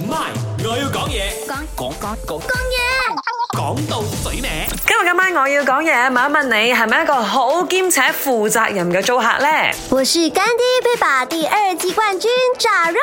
唔係，我要講嘢，講講講講講嘢，講到嘴歪。今日今晚我要講嘢，問一問你係咪一個好兼且負責任嘅租客咧？我是乾爹，拜拜。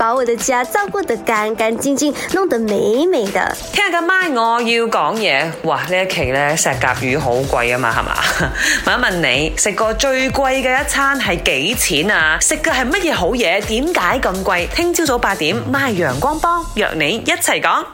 把我的家照顧得乾乾淨淨，弄得美美的。聽日嘅媽，我要講嘢。哇，呢一期呢，石甲魚好貴啊嘛，係嘛？問一問你，食過最貴嘅一餐係幾錢啊？食嘅係乜嘢好嘢？點解咁貴？聽朝早八點，媽係陽光幫約你一齊講。